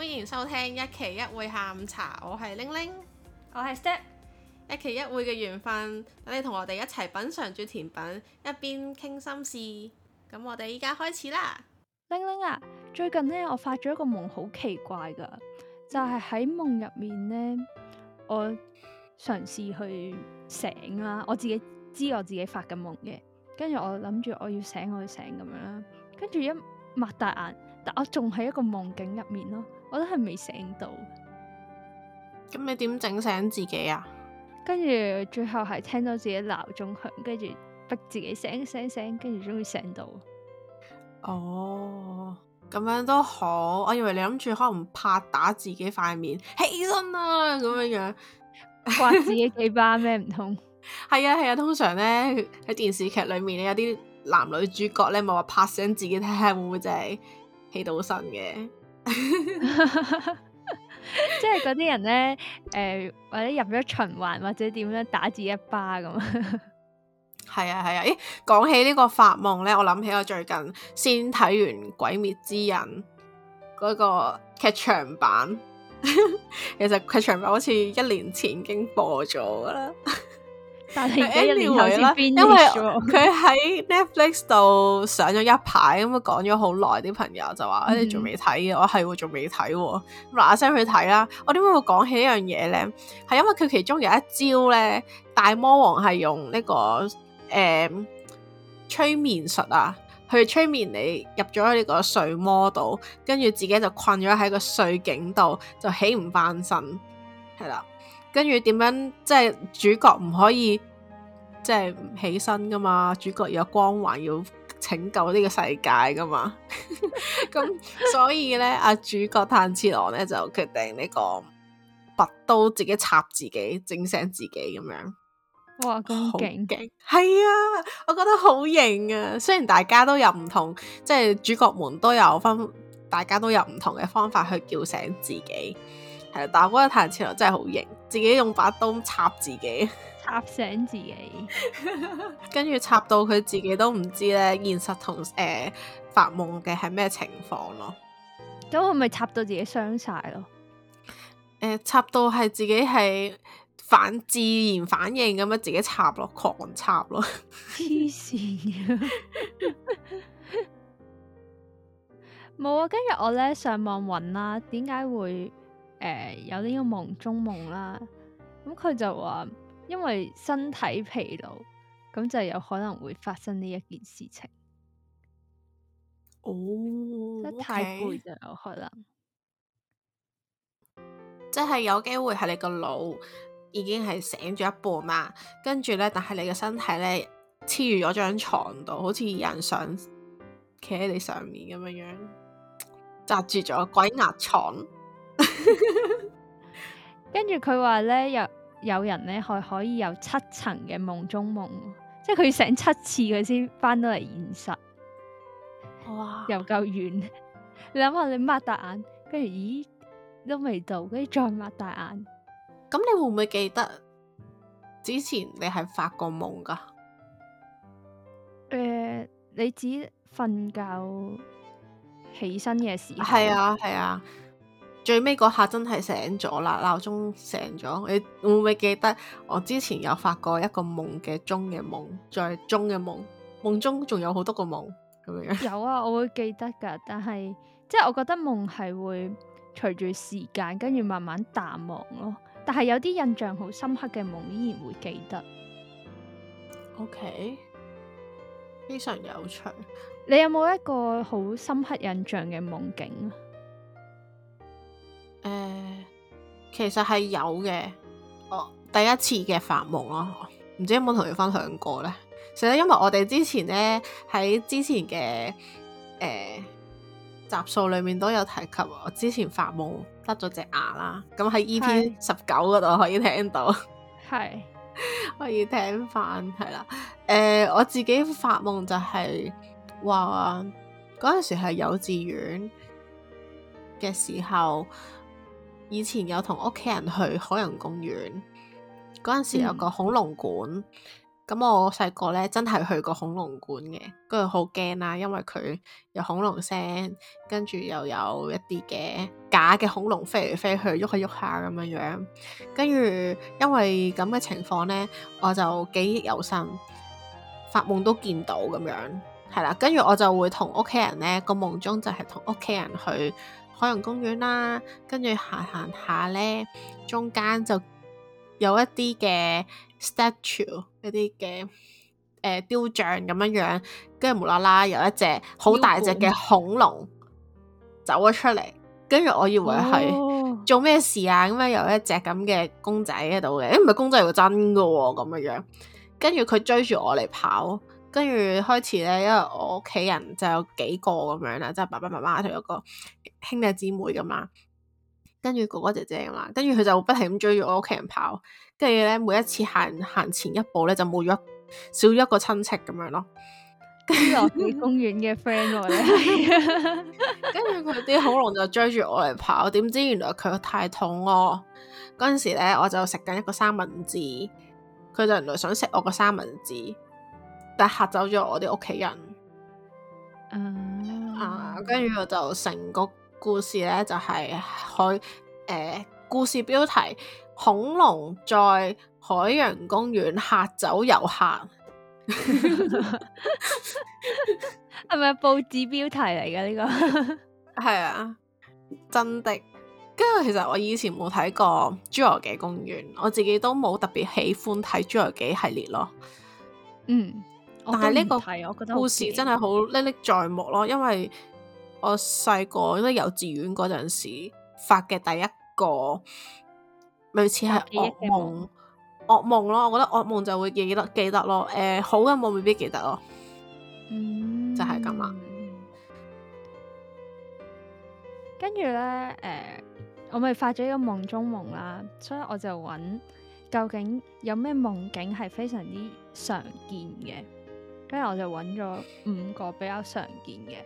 歡迎收聽一期一會下午茶，我係玲玲，我係 Step，一期一會嘅緣分，等你同我哋一齊品嘗住甜品，一邊傾心事。咁我哋依家開始啦。玲玲啊，最近呢，我發咗一個夢，好奇怪噶，就係喺夢入面呢，我嘗試去醒啦，我自己知我自己發緊夢嘅，跟住我諗住我要醒，我要醒咁樣啦，跟住一擘大眼。但我仲喺一個夢境入面咯，我都係未醒到。咁你點整醒自己啊？跟住最後係聽到自己鬧鐘響，跟住逼自己醒醒醒，跟住終於醒到。哦，咁樣都好。我以為你諗住可能拍打自己塊面起身啦，咁、hey, 樣樣摑 自己幾巴咩唔通？係 啊係啊，通常咧喺電視劇裏面有啲男女主角咧，咪話拍醒自己睇下會唔會就起到身嘅， 即係嗰啲人咧，誒、呃，或者入咗循環，或者點樣打自己一巴咁。係啊係啊，誒、啊，講起個發夢呢個發夢咧，我諗起我最近先睇完《鬼滅之刃》嗰、那個劇場版， 其實劇場版好似一年前已經播咗啦。 但係，anyway 啦，因為佢喺 Netflix 度上咗一排咁啊，講咗好耐，啲朋友就話：誒，你仲未睇嘅，我係喎，仲未睇喎，嗱嗱聲去睇啦！我點解會講起呢樣嘢咧？係因為佢其中有一招咧，大魔王係用呢個、誒、嗯、催眠術啊，去催眠你入咗呢個睡魔度，跟住自己就困咗喺個睡境度，就起唔翻身，係啦。跟住點樣，即係主角唔可以即係起身噶嘛？主角有光環，要拯救呢個世界噶嘛？咁、 嗯、所以咧，阿主角炭治郎咧就決定呢個拔刀自己插自己，整醒自己咁樣。哇，咁勁勁係啊！我覺得好型啊！雖然大家都有唔同，即係主角們都有分，大家都有唔同嘅方法去叫醒自己。係，但嗰個彈跳真係好型，自己用把刀插自己，插醒自己， 跟住插到佢自己都唔知咧現實同誒、呃、發夢嘅係咩情況咯。咁係咪插到自己傷晒咯？誒、呃，插到係自己係反自然反應咁樣，自己插落狂插咯，黐線嘅。冇 啊！ 今日我咧上網搵啦，點解會？誒，uh, okay. 有呢個夢中夢啦，咁佢就話因為身體疲勞，咁就有可能會發生呢一件事情。哦，即係太攰就有可能，即係有機會係你個腦已經係醒咗一半嘛，跟住咧，但係你嘅身體咧黐住咗張床度，好似人想企喺你上面咁樣樣，紮住咗鬼壓床。 跟住佢話咧，有有人咧可可以有七層嘅夢中夢，即係佢醒七次佢先返到嚟現實。哇！又夠遠，想想你諗下，你擘大眼，跟住咦都未到，跟住再擘大眼，咁你會唔會記得之前你係發過夢㗎？誒、呃，你指瞓覺起身嘅時候？係啊，係啊。最尾嗰下真係醒咗啦，鬧鐘醒咗。你會唔會記得我之前有發過一個夢嘅中嘅夢，在中嘅夢夢中仲有好多個夢咁樣？有啊，我會記得噶，但係即係我覺得夢係會隨住時間跟住慢慢淡忘咯。但係有啲印象好深刻嘅夢依然會記得。OK，非常有趣。你有冇一個好深刻印象嘅夢境？誒、呃，其實係有嘅，我、哦、第一次嘅發夢咯、啊，唔知有冇同你分享過呢？其實因為我哋之前呢，喺之前嘅誒、呃、集數裏面都有提及、啊，我之前發夢甩咗隻牙啦，咁喺 E P 十九嗰度可以聽到，係 可以聽翻係啦。誒、呃，我自己發夢就係話嗰陣時係幼稚園嘅時候。以前有同屋企人去海洋公園，嗰陣時有個恐龍館，咁、嗯、我細個咧真係去過恐龍館嘅，跟住好驚啦，因為佢有恐龍聲，跟住又有一啲嘅假嘅恐龍飛嚟飛去，喐下喐下咁樣樣，跟住因為咁嘅情況咧，我就記憶猶新，發夢都見到咁樣，係啦，跟住我就會同屋企人咧個夢中就係同屋企人去。海洋公園啦、啊，跟住行行下咧，中間就有一啲嘅 statue，一啲嘅誒雕像咁樣樣，跟住無啦啦有一隻好大隻嘅恐龍走咗出嚟，跟住我以為係做咩事啊？咁啊、哦、有一隻咁嘅公仔喺度嘅，誒唔係公仔、哦，係個真嘅喎，咁樣樣，跟住佢追住我嚟跑。跟住開始咧，因為我屋企人就有幾個咁樣啦，即係爸爸媽媽同有個兄弟姊妹咁嘛。跟住哥哥姐姐嘛，跟住佢就不停咁追住我屋企人跑。跟住咧，每一次行行前一步咧，就冇咗少咗一個親戚咁樣咯。跟住我哋公園嘅 friend 我咧， 跟住佢啲恐龍就追住我嚟跑，點知原來佢太肚餓咯。嗰陣時咧，我就食緊一個三文治，佢就原來想食我個三文治。但嚇走咗我啲屋企人，嗯啊，跟住我就成個故事咧，就係、是、海誒、呃，故事標題恐龍在海洋公園嚇走遊客，係咪報紙標題嚟嘅呢個？係 啊，真的。跟住其實我以前冇睇過侏羅紀公園，我自己都冇特別喜歡睇侏羅紀系列咯，嗯。但係呢個故事真係好歷歷在目咯，因為我細個喺幼稚園嗰陣時發嘅第一個類似係噩夢，噩夢咯。我覺得噩夢就會記得記得咯。誒、呃，好嘅夢未必記得咯，嗯，就係咁啦。跟住咧，誒、呃，我咪發咗一個夢中夢啦，所以我就搵，究竟有咩夢境係非常之常見嘅。跟住我就揾咗五個比較常見嘅，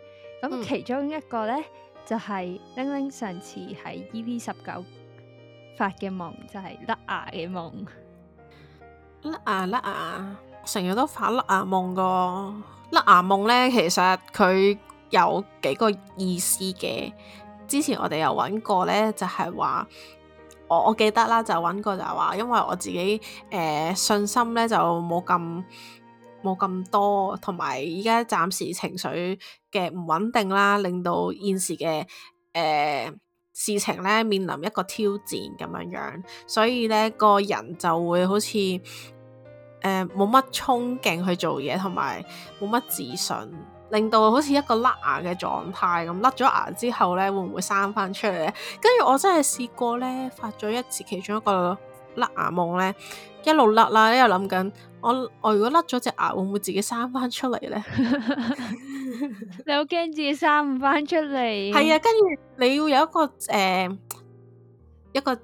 咁其中一個呢，嗯、就係玲玲上次喺 EP 十九發嘅夢，就係甩牙嘅夢。甩牙甩牙，成日都發甩牙夢個。甩牙夢呢，其實佢有幾個意思嘅。之前我哋有揾過呢，就係、是、話我，我記得啦，就揾過就係話，因為我自己誒、呃、信心呢，就冇咁。冇咁多，同埋依家暫時情緒嘅唔穩定啦，令到現時嘅誒、呃、事情咧面臨一個挑戰咁樣樣，所以咧個人就會好似誒冇乜衝勁去做嘢，同埋冇乜自信，令到好似一個甩牙嘅狀態咁。甩咗牙之後咧，會唔會生返出嚟咧？跟住我真係試過咧，發咗一次其中一個甩牙夢咧，一路甩啦，又諗緊我我如果甩咗隻牙，會唔會自己生翻出嚟咧？ 你好驚自己生唔翻出嚟？係啊，跟住你要有一個誒、呃，一個。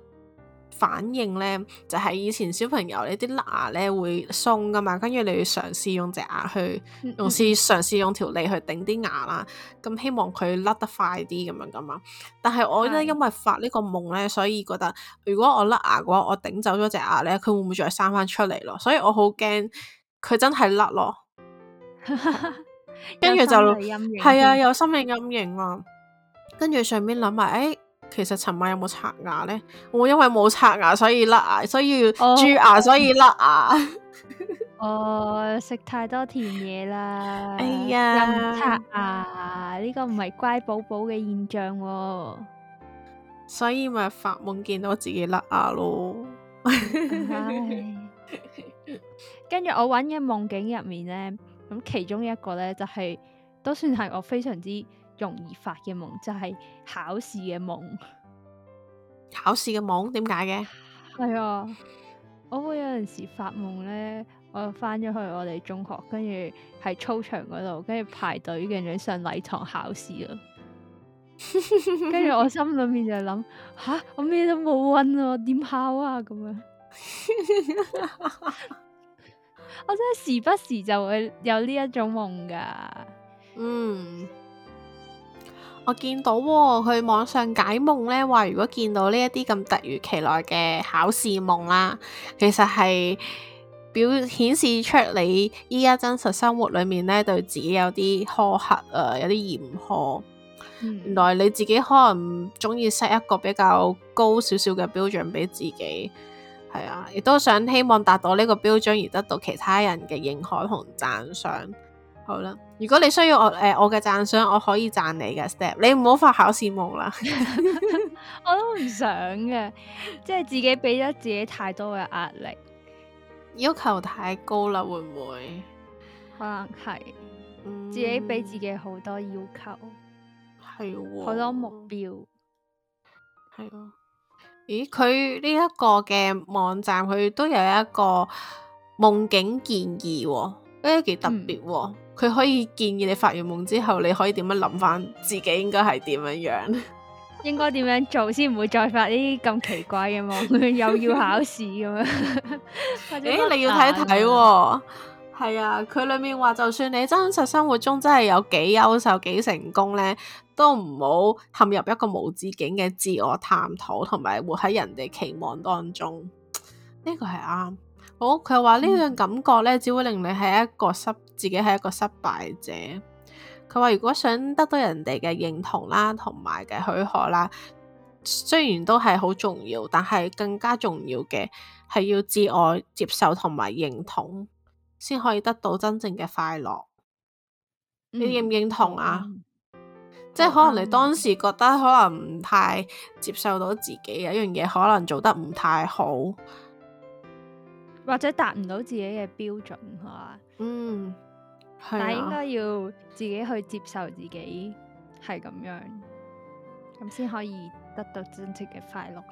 反應咧，就係、是、以前小朋友呢啲甩牙咧會鬆噶嘛，跟住你要嘗試用隻牙去，嗯、用試嘗試用條脷去頂啲牙啦，咁、嗯嗯、希望佢甩得快啲咁樣噶嘛。但係我咧的因為發呢個夢咧，所以覺得如果我甩牙嘅話，我頂走咗隻牙咧，佢會唔會再生翻出嚟咯？所以我好驚佢真係甩咯。 跟住就係啊 理，有心理陰影啊、嗯。跟住上面諗埋，哎。其實尋晚有冇刷牙咧？我、哦、因為冇刷牙，所以甩牙，所以蛀牙，oh. 所以甩牙。哦，食太多甜嘢啦，哎呀，又唔刷牙，呢、這個唔係乖寶寶嘅現象、啊。所以咪發夢見到自己甩牙咯。跟住我搵嘅夢境入面咧，咁其中一個咧就係、是、都算係我非常之。容易發嘅夢就係、是、考試嘅夢。考試嘅夢點解嘅？係 啊，我會有陣時發夢咧，我翻咗去我哋中學，跟住喺操場嗰度，跟住排隊，跟住上禮堂考試咯。跟住 我心裏面就諗，吓、啊、我咩都冇溫啊，點考啊？咁樣， 我真係時不時就會有呢一種夢噶，嗯。我見到、哦、去網上解夢呢。話如果見到呢一啲咁突如其來嘅考試夢啦，其實係表顯示出你依家真實生活裏面呢，對自己有啲苛刻啊，有啲嚴苛。嗯、原來你自己可能中意 set 一個比較高少少嘅標準俾自己，係啊，亦都想希望達到呢個標準而得到其他人嘅認可同讚賞。好啦。如果你需要我誒、呃，我嘅讚賞，我可以讚你嘅 step。你唔好發考試夢啦， 我都唔想嘅，即係自己俾咗自己太多嘅壓力，要求太高啦，會唔會？可能係、嗯、自己俾自己好多要求，係喎、好多目標，係咯、哦。咦？佢呢一個嘅網站，佢都有一個夢境建議、哦，呢啲幾特別。嗯佢可以建議你發完夢之後，你可以點樣諗返自己應該係點樣樣？應該點樣做先唔會再發呢啲咁奇怪嘅夢？ 佢又要考試咁樣？誒 或者、欸，你要睇睇喎。係啊，佢、啊、裡面話，就算你真實生活中真係有幾優秀、幾成功呢，都唔好陷入一個無止境嘅自我探討，同埋活喺人哋期望當中。呢、這個係啱。好，佢話呢樣感覺呢，只會令你係一個失自己係一個失敗者，佢話如果想得到人哋嘅認同啦，同埋嘅許可啦，雖然都係好重要，但係更加重要嘅係要自我接受同埋認同，先可以得到真正嘅快樂。嗯、你認唔認同啊？嗯、即係可能你當時覺得可能唔太接受到自己嘅、嗯、一樣嘢，可能做得唔太好，或者達唔到自己嘅標準，係嘛？嗯。但係應該要自己去接受自己係咁樣，咁先可以得到真正嘅快樂。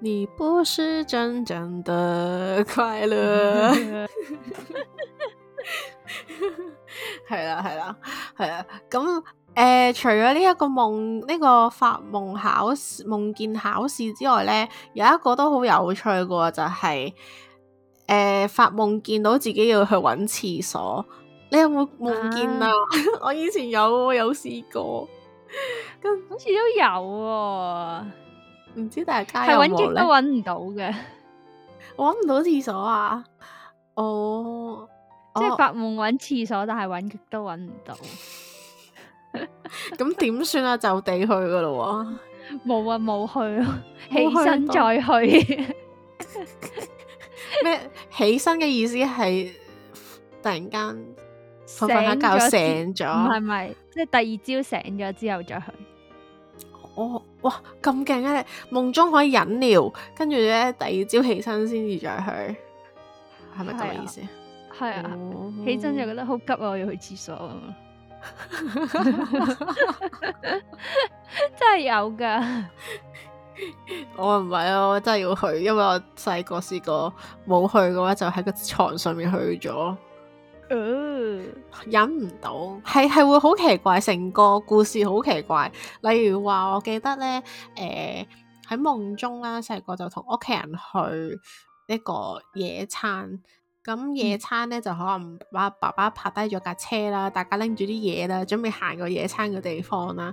你不是真正的快樂。 係啦，係啦，係啊。咁、嗯、誒、呃，除咗呢一個夢，呢、這個發夢考試、夢見考試之外咧，有一個都好有趣噶、就是，就係誒發夢見到自己要去揾廁所。你有冇夢見啊？我以前有，我有試過，咁好似都有喎。唔知大家有冇咧？搵極都搵唔到嘅，搵唔到廁所啊！哦，即係發夢搵廁所，但係搵極都搵唔到。咁點算啊？就地去噶咯？冇啊，冇去，起身再去。咩？起身嘅意思係突然間？瞓瞓下覺醒咗，唔係唔係，即係第二朝醒咗之後再去。我、哦、哇咁勁啊！你夢中可以忍尿，跟住咧第二朝起身先至再去，係咪咁嘅意思？係啊，起身就覺得好急啊，我要去廁所。真係有噶，我唔係啊，我真係要去，因為我細個試過冇去嘅話，就喺個床上面去咗。誒，uh, 忍唔到。係，係會好奇怪，成個故事好奇怪。例如話，我記得呢，誒、呃、喺夢中啦，細個就同屋企人去一個野餐，咁野餐呢，嗯、就可能話爸爸拍低咗架車啦，大家拎住啲嘢啦，準備行個野餐嘅地方啦，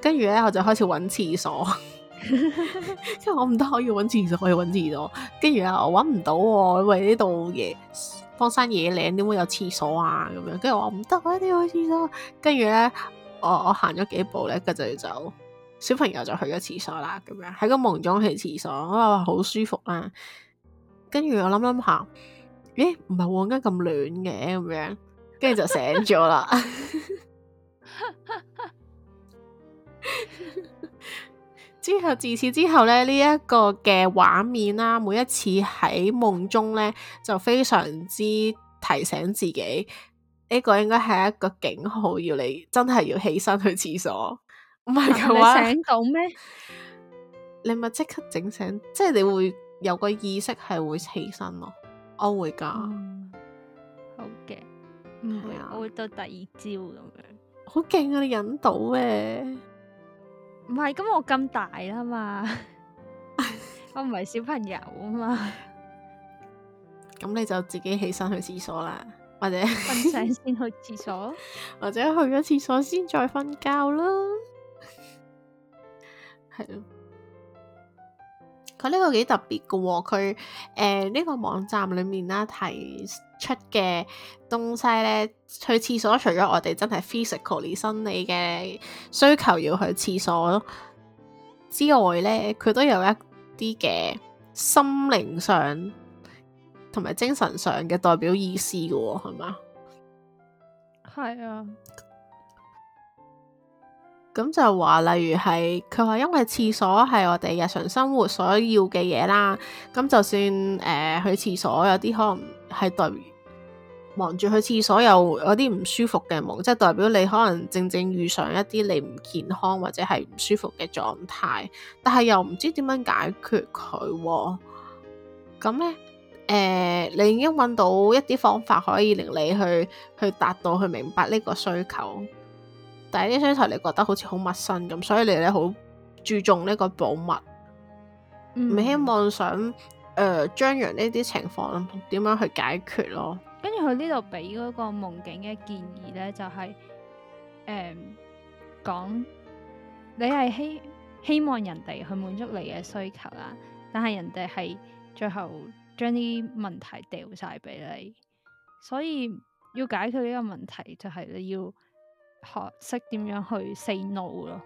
跟住呢，我就開始揾廁所。 即係 我唔得，可以搵廁所，可以搵廁所。跟住啊，我搵唔到，因為呢度野荒山野嶺，點會有廁所啊？咁樣跟住我唔得，我一定要去廁所。跟住咧，我我行咗幾步咧，跟住就要走，小朋友就去咗廁所啦。咁樣喺個夢中去廁所，我話好舒服啊。跟住我諗諗下，咦、哎，唔係我而家咁暖嘅，咁樣跟住就醒咗啦。 之後自此之後咧，呢、這、一個嘅畫面啦、啊，每一次喺夢中咧，就非常之提醒自己，呢、這個應該係一個警號，要你真係要起身去廁所。唔係噶，你醒到咩？你咪即刻整醒，即係你會有個意識係會起身咯。我會噶，好嘅，唔會啊。我會到第二朝咁樣，好勁啊！你忍到咩？唔係，咁我咁大啦嘛， 我唔係小朋友啊嘛，咁 你就自己起身去廁所啦，或者瞓醒先去廁所， 或者去咗廁所先再瞓覺咯，係咯。 佢呢個幾特別㗎喎，佢，誒，呢個網站裡面啦，提出嘅東西咧，去廁所除咗我哋真係 physical 生理嘅需求要去廁所之外咧，佢都有一啲嘅心靈上同埋精神上嘅代表意思㗎喎、哦，係嘛？係啊。咁就話，例如係佢話，因為廁所係我哋日常生活所要嘅嘢啦。咁就算誒、呃、去廁所，有啲可能係代表忙住去廁所，又有啲唔舒服嘅夢，即係代表你可能正正遇上一啲你唔健康或者係唔舒服嘅狀態，但係又唔知點樣解決佢、哦。咁咧，誒、呃、你已經揾到一啲方法可以令你去去達到去明白呢個需求。但係呢需求你覺得好似好陌生咁，所以你咧好注重呢個保密，唔、嗯、希望想誒張揚呢啲情況咯？點樣去解決咯？跟住佢呢度俾嗰個夢境嘅建議咧，就係誒講你係希希望人哋去滿足你嘅需求啦，但係人哋係最後將啲問題掉晒俾你，所以要解決呢個問題就係你要。學識點樣去 say no 咯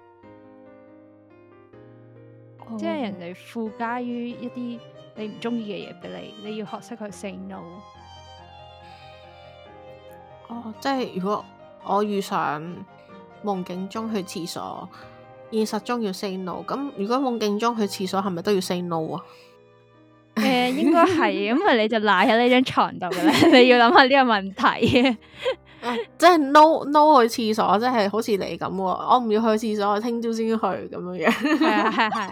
，oh. 即係人哋附加於一啲你唔中意嘅嘢俾你，你要學識去 say no。哦，oh, 即係如果我遇上夢境中去廁所，現實中要 say no，咁如果夢境中去廁所，係咪都要 say no 啊？誒、呃，應該係，咁啊，你就賴喺呢張床度嘅咧， 你要諗下呢個問題。 即係 no no 去廁所，即係好似你咁喎。我唔要去廁所，我聽朝先去咁樣樣。係係係。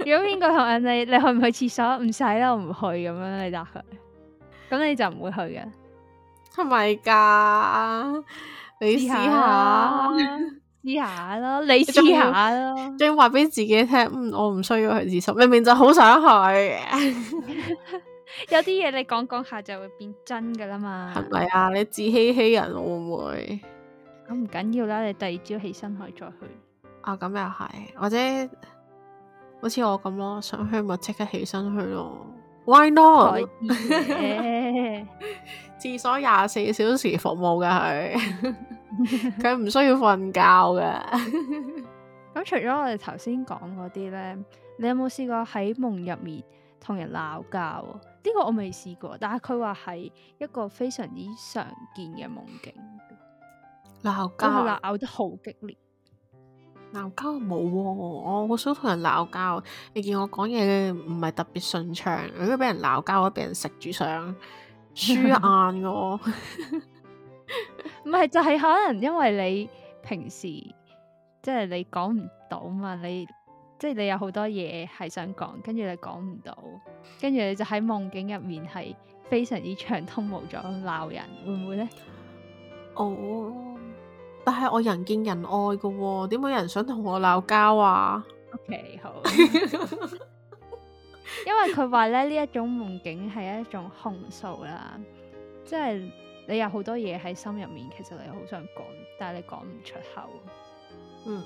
如果邊個同人哋，你去唔去廁所？唔使啦，我唔去咁樣，你就去，咁你就唔會去嘅。係咪噶？你試下，試下咯，你試下咯，仲要話俾自己聽。嗯，我唔需要去廁所，明明就好想去。 有啲嘢你講講下就會變真噶啦嘛，係咪啊？你自欺欺人會唔會？咁唔緊要啦，你第二朝起身可以再去。啊，咁又係，或者好似我咁咯，想去咪即刻起身去咯？Why not？廁 所廿四小時服務嘅佢，佢唔 需要瞓覺嘅。咁 除咗我哋頭先講嗰啲咧，你有冇試過喺夢入面同人鬧交？呢個我未試過，但係佢話係一個非常之常見嘅夢境。鬧交架，鬧得好激烈。鬧交冇，我好少同人鬧交。你見我講嘢唔係特別順暢，如果俾人鬧交，我俾人食住上，輸硬噶。唔係就係、是、可能因為你平時即係、就是、你講唔到嘛，你。即係你有好多嘢係想講，跟住你講唔到，跟住你就喺夢境入面係非常之暢通無阻咁鬧人，會唔會呢？哦，oh, 但係我人見人愛噶喎，點會有人想同我鬧交啊？OK，好。 因為佢話咧，呢一種夢境係一種控訴啦，即係你有好多嘢喺心入面，其實你好想講，但係你講唔出口。嗯。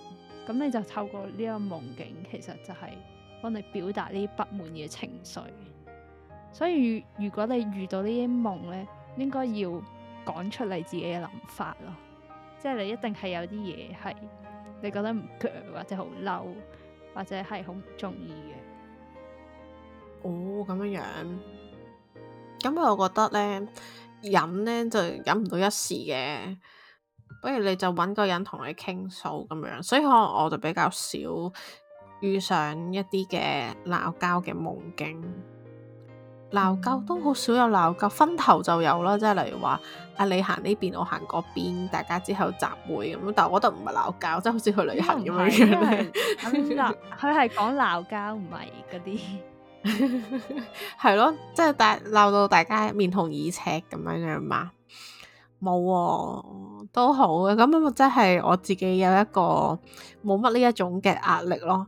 咁你就透過呢個夢境，其實就係幫你表達呢啲不滿嘅情緒。所以如果你遇到呢啲夢呢，應該要講出你自己嘅諗法咯。即係你一定係有啲嘢係你覺得唔夾或者好嬲或者係好唔中意嘅。哦，咁樣樣。咁我覺得呢，飲呢，就飲唔到一時嘅。不如你就揾個人同你傾訴咁樣，所以可能我就比較少遇上一啲嘅鬧交嘅夢境。鬧交都好少有鬧交，分頭就有啦，即係例如話阿，你行呢邊，我行嗰邊，大家之後集會咁。但係我覺得唔係鬧交，即係好似去旅行咁樣樣。佢係講鬧交，唔係嗰啲，係、嗯、咯，即係大鬧到大家面紅耳赤咁樣樣嘛。冇、啊，都好嘅。咁咪即係我自己有一個冇乜呢一種嘅壓力咯，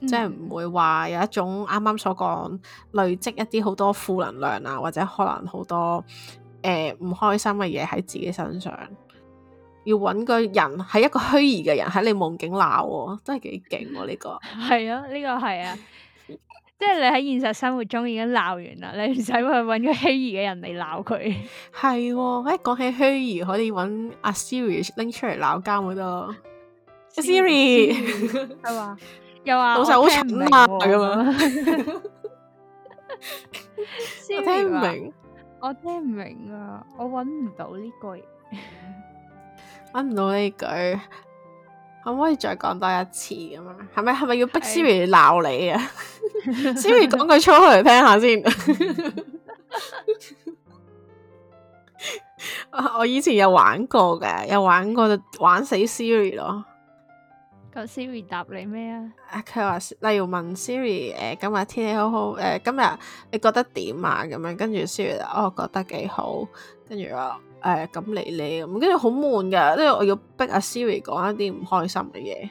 嗯、即係唔會話有一種啱啱所講累積一啲好多負能量啊，或者可能好多誒唔、呃、唔開心嘅嘢喺自己身上，要揾個人係一個虛擬嘅人喺你夢境鬧、啊，真係幾勁喎呢個。係啊，呢 這個係啊。這個 即係你喺現實生活中已經鬧完啦，你唔使去搵個虛擬嘅人嚟鬧佢。係，一講起虛擬可以搵阿 Siri 拎出嚟鬧交咪得咯。Siri 係話，又話老細好蠢㗎嘛，我聽唔明，我聽唔明啊！我搵唔到呢句，搵唔到呢句。可唔可以再講多一次？係咪，係咪要逼 Siri 鬧是你啊？Siri 講句粗口嚟聽下先。我以前有玩過嘅，有玩過就玩死 Siri 咯。個 Siri 答你咩啊？啊，佢話例如問 Siri，誒，今日天氣好好，誒，今日你覺得點啊？咁樣跟住 Siri，我覺得幾好，跟住話誒咁理你咁，跟住好悶噶，因為我要逼阿 Siri 講一啲唔開心嘅嘢，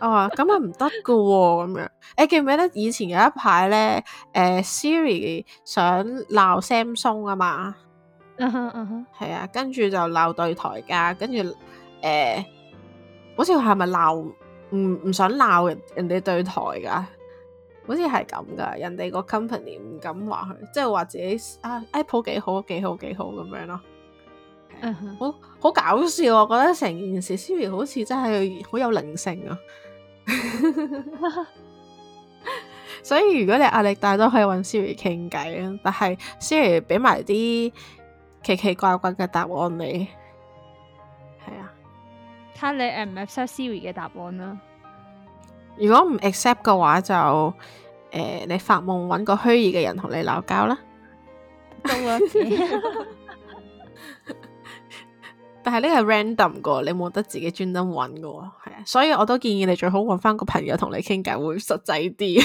我話咁啊唔得噶，咁樣，誒記唔記得以前有一排咧，誒 Siri 想鬧 Samsung 啊嘛，嗯哼嗯哼，係啊，跟住就鬧對台噶，跟住誒，好似係咪鬧？唔唔想鬧人哋對台㗎，好似係咁㗎。人哋個 company 唔敢話佢，即係話自己啊 Apple 幾好幾好幾好咁樣咯。好好，uh huh. 好，好搞笑啊！我覺得成件事 Siri 好似真係好有靈性啊。 所以如果你壓力大，都可以揾 Siri 傾偈啊，但係 Siri 畀埋啲奇奇怪怪嘅答案你。睇下你 accept Siri 嘅答案啦。如果唔 accept 嘅話，就誒，你發夢揾個虛擬嘅人同你鬧交啦。中啊！但係呢個係 random 㗎，你冇得自己專登揾㗎係啊。所以我都建議你最好揾返個朋友同你傾偈會實際啲。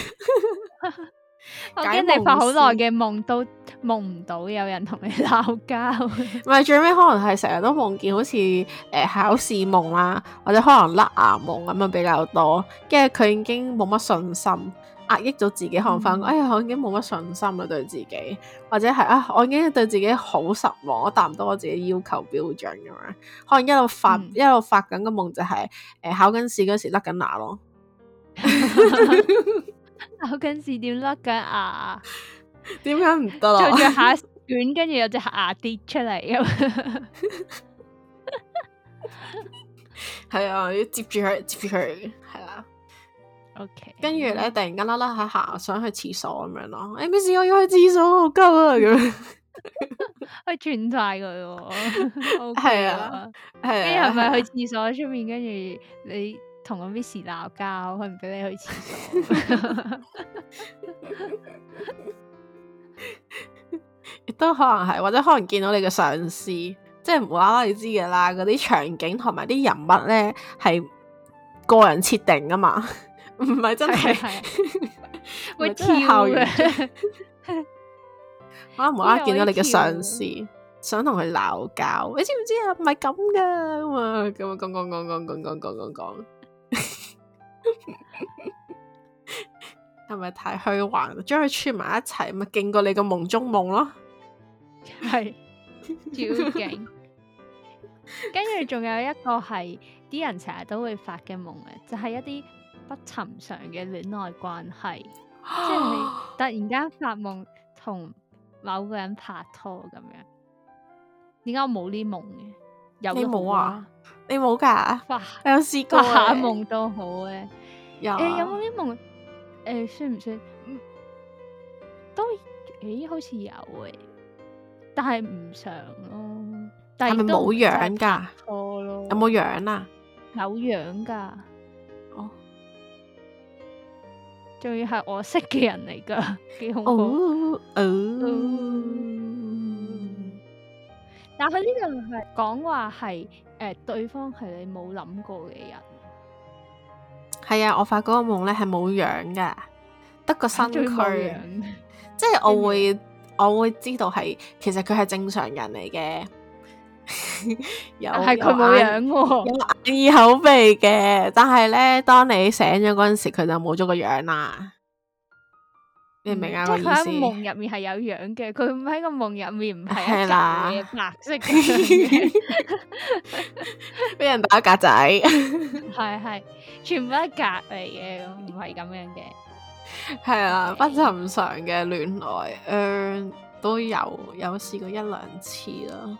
我驚你發好耐嘅夢都。夢唔到有人同你鬧交，唔係最尾可能係成日都夢見好似誒、呃、考試夢啦，或者可能甩牙夢咁樣比較多，跟住佢已經冇乜信心，壓抑咗自己看翻，哎呀我已經冇乜信心啦、啊、對自己，或者係啊我已經對自己好失望，我答唔到我自己要求標準咁樣，可能一路發、嗯、一路發緊個夢就係、是、誒、呃、考緊試嗰時甩緊牙咯， 考緊試點甩緊牙？點解唔得咯？做住下卷，跟住有隻牙跌出嚟咁。係啊，要接住佢，接住佢，係啦。 OK，跟住咧，突然間啦啦下下，想去廁所咁樣咯。哎，Miss， 我要去廁所，好急 啊！咁，我轉軚佢。係啊，係啊。你係咪去廁所出面？跟住你同個 Miss 鬧交，佢唔俾你去廁所。亦 都可能係，或者可能見到你嘅上司，即係無啦啦你知嘅啦，嗰啲場景同埋啲人物咧係個人設定啊嘛，唔 係真係會跳嘅。啊， 無啦啦見到你嘅上司， 想同佢鬧交，你、 哎、知唔知啊？唔係咁噶嘛，咁講講講講講講講講。係咪太虛幻？將佢串埋一齊，咪勁過你個夢中夢咯？係超勁！跟住仲有一個係啲人成日都會發嘅夢嘅，就係、是、一啲不尋常嘅戀愛關係， 即係你突然間發夢同某個人拍拖咁樣。點解我冇呢夢嘅？有冇啊？你冇噶？有試過啊？發夢都好嘅。有。你有冇啲夢？誒、呃，算唔算？都誒，好似有誒，但係唔常咯。係咪冇樣噶？錯咯，有冇樣啊？是是有樣噶。哦，仲要係我識嘅人嚟噶，幾恐怖。但係呢度係講話係誒，對方係你冇諗過嘅人。係啊，我發嗰個夢咧係冇樣嘅，得個身軀，樣 即係我會我會知道係其實佢係正常人嚟嘅、 哦，有，係佢冇樣，有耳口鼻嘅，但係咧當你醒咗嗰陣時，佢就冇咗個樣啦。你明啊，佢喺夢入面係有樣嘅，佢喺個夢入面唔係白色嘅，俾人打格仔，係係全部係格嚟嘅，唔係咁樣嘅。係啦，不尋常嘅戀愛，嗯，都有有試過一兩次咯，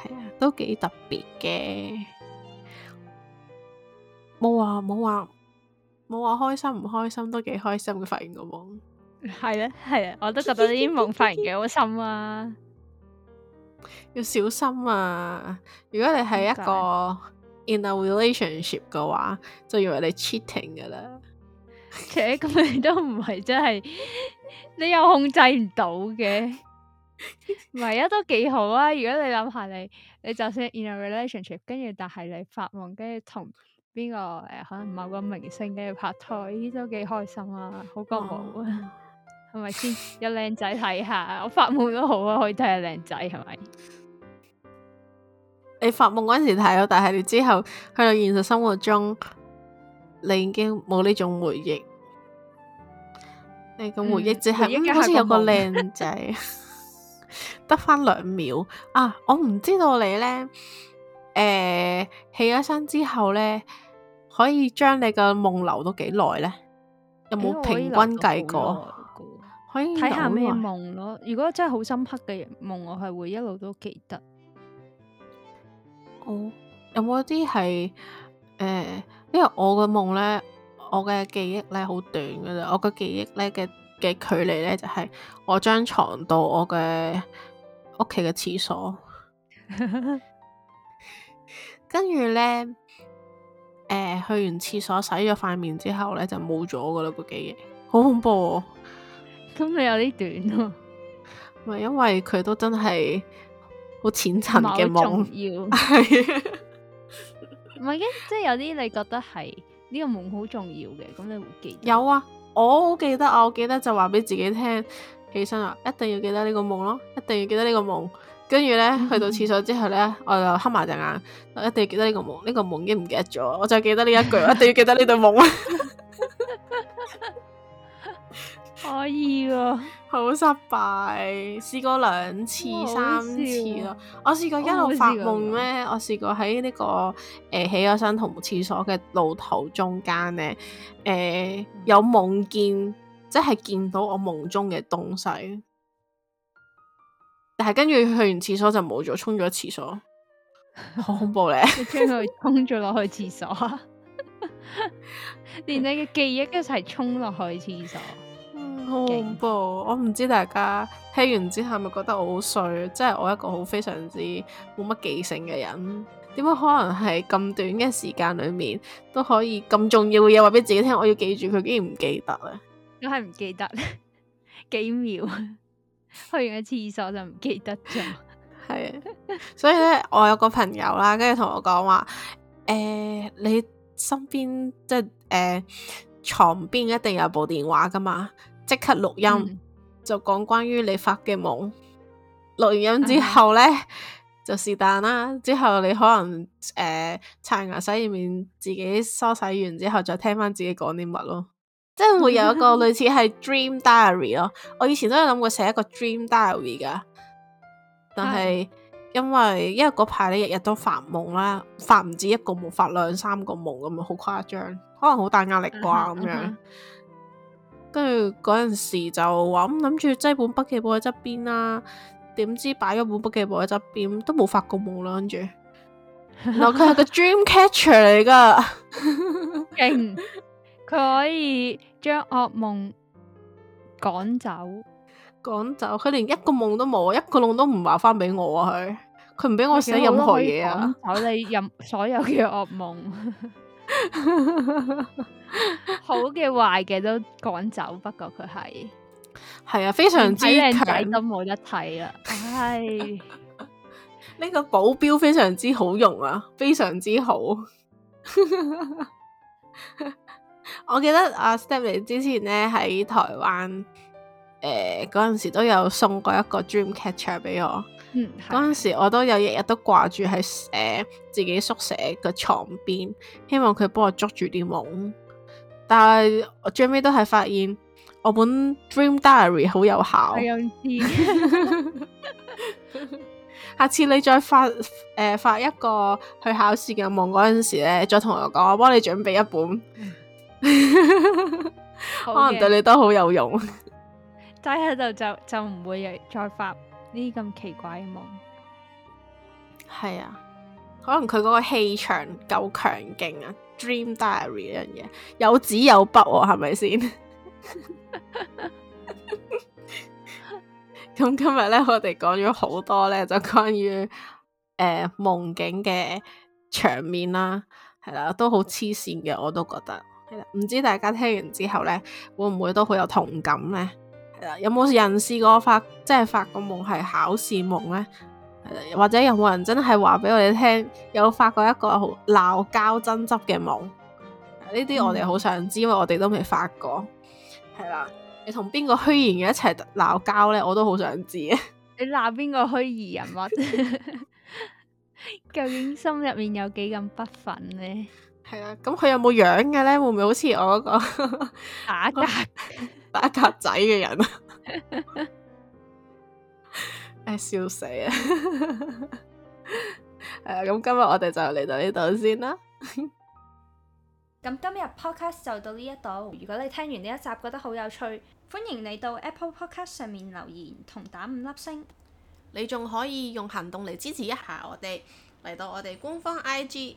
係啊，都幾特別嘅。冇話冇話冇話開心唔開心，都幾開心，發現個夢。係咧，係啊，我都覺得呢啲夢忽然幾開心啊！ 要小心啊！如果你係一個 in a relationship 嘅話，就以為你 cheating 噶啦。 其實咁你都唔係真係，你又控制唔到嘅。唔係啊，都幾好啊！如果你諗下你，你就算 in a relationship，跟住但係你發夢跟住同邊個誒、呃，可能某個明星跟住拍拖，依都幾開心啊，好過冇啊！Oh。係咪先有靚仔睇下？我發夢都好啊，可以睇下靚仔係咪？是是你發夢嗰陣時睇到，但係你之後去到現實生活中，你已經冇呢種回憶。你個回憶只係、嗯那個、好似有個靚仔得翻兩秒啊！我唔知道你咧，誒、呃，起咗身之後咧，可以將你嘅夢留到幾耐咧？有冇平均計過？欸睇下咩夢咯，如果真係好深刻嘅夢，我係會一路都記得。哦，有冇一啲係誒？因為我個夢咧，我嘅記憶咧好短噶咋，我個記憶咧嘅嘅距離咧就係、是、我張床到我嘅屋企嘅廁所， 跟住咧誒，去完廁所洗咗塊面之後咧就冇咗噶啦個記憶，好恐怖、哦。咁你有啲短咯、啊，唔係因為佢都真係好淺層嘅夢，係唔係嘅？即係有啲你覺得係呢個夢好重要嘅，咁你會記得？有啊。我好記得、啊、我記得就話俾自己聽，起身啊，一定要記得呢個夢咯，一定要記得呢個夢。跟住咧，去到廁所之後咧，我就黑埋隻眼，一定要記得呢個夢。呢個夢已經唔記得咗， 我就記得呢一句，一定要記得呢個夢啊！可以喎， 好失敗，試過兩次、啊、三次咯。我試過一路發夢咩？試我試過喺呢、這個誒、呃、起咗身同廁所嘅路頭中間咧，誒、呃、有夢見，即係見到我夢中嘅東西。但係跟住去完廁所就冇咗，沖咗廁所， 好恐怖咧！將佢沖咗落去廁所， 連你嘅記憶一齊沖落去廁所。好恐怖！我唔知大家聽完之後係咪覺得我好衰？即係我一個好非常之冇乜記性嘅人，點解可能係咁短嘅時間裏面都可以咁重要嘅嘢話俾自己聽，我要記住佢，竟然唔記得咧？我係唔記得，幾秒，去完個廁所就唔記得咗。係啊， 所以咧，我有個朋友啦，跟住同我講話，誒、欸，你身邊即係誒、欸、床邊一定有部電話噶嘛？即刻錄音，嗯、就講關於你發嘅夢。錄完音之後呢，嗯、哼就是但啦。之後你可能誒刷、呃、牙洗面，自己梳洗完之後，再聽翻自己講啲乜咯。即係會有一個類似係 dream diary 咯。嗯、哼我以前都有諗過寫一個 dream diary 噶，但係因為因為嗰排你日日都發夢啦，發唔止一個夢，發兩三個夢咁樣，好誇張，可能好大壓力啩咁樣。嗯哼嗯跟住嗰陣時就諗諗住擠本筆記簿喺側邊啦，點知擺咗本筆記簿喺側邊都冇發過夢啦，跟住，佢係個 dream catcher 嚟噶，勁， 佢可以將噩夢趕走，趕走，佢連一個夢都冇，一個夢都唔話翻俾我，我啊，佢，佢唔俾我寫任何嘢啊，趕走你任所有嘅噩夢。 好嘅、壞嘅都趕走，不過佢係係啊，非常之靚仔都冇得睇啊。唉，呢個保鏢非常之好用啊，非常之好。 我記得阿 Stephy 之前咧喺台灣誒嗰陣時都有送過一個 Dream Catcher 俾我。嗰陣、嗯、時我都有日日的都掛住喺誒自己宿舍個床邊，希望佢幫我捉住啲夢。但係我最尾都係發現，我本 dream diary 好有效。係用字。 下次你再發誒、呃、發一個去考試嘅夢嗰陣時咧，再同我講，我幫你準備一本， 的 可能對你都好有用。齋喺度就就唔會再發。呢啲咁奇怪嘅夢，係啊，可能佢嗰個氣場夠強勁啊 ！Dream Diary、啊、 呢樣嘢有紙有筆，係咪先？咁今日咧，我哋講咗好多咧，就關於誒夢境嘅場面啦、啊，係啦、啊，都好黐線嘅，我都覺得，係啦、唔、啊、知大家聽完之後咧，會唔會都好有同感咧？有冇人試過發，即係發個夢係考試夢呢？或者有冇人真係話俾我哋聽，有發過一個好鬧交爭執嘅夢？呢啲我哋好想知，因為我哋都未發過，係啦。你同邊個虛擬嘅一齊鬧交呢？我都好想知啊！你鬧邊個虛擬人物？究竟心入面有幾咁不忿呢？係啦，咁佢、嗯、有冇樣嘅呢？會唔會好似我嗰個打格打格仔嘅人啊？笑死啊、 嗯！誒，咁今日我哋就嚟到呢度先啦。咁今日 podcast 就到呢一度。如果你聽完呢一集覺得好有趣，歡迎你到 Apple Podcast 上面留言同打五粒星。你仲可以用行動嚟支持一下我哋，嚟到我哋官方 IG。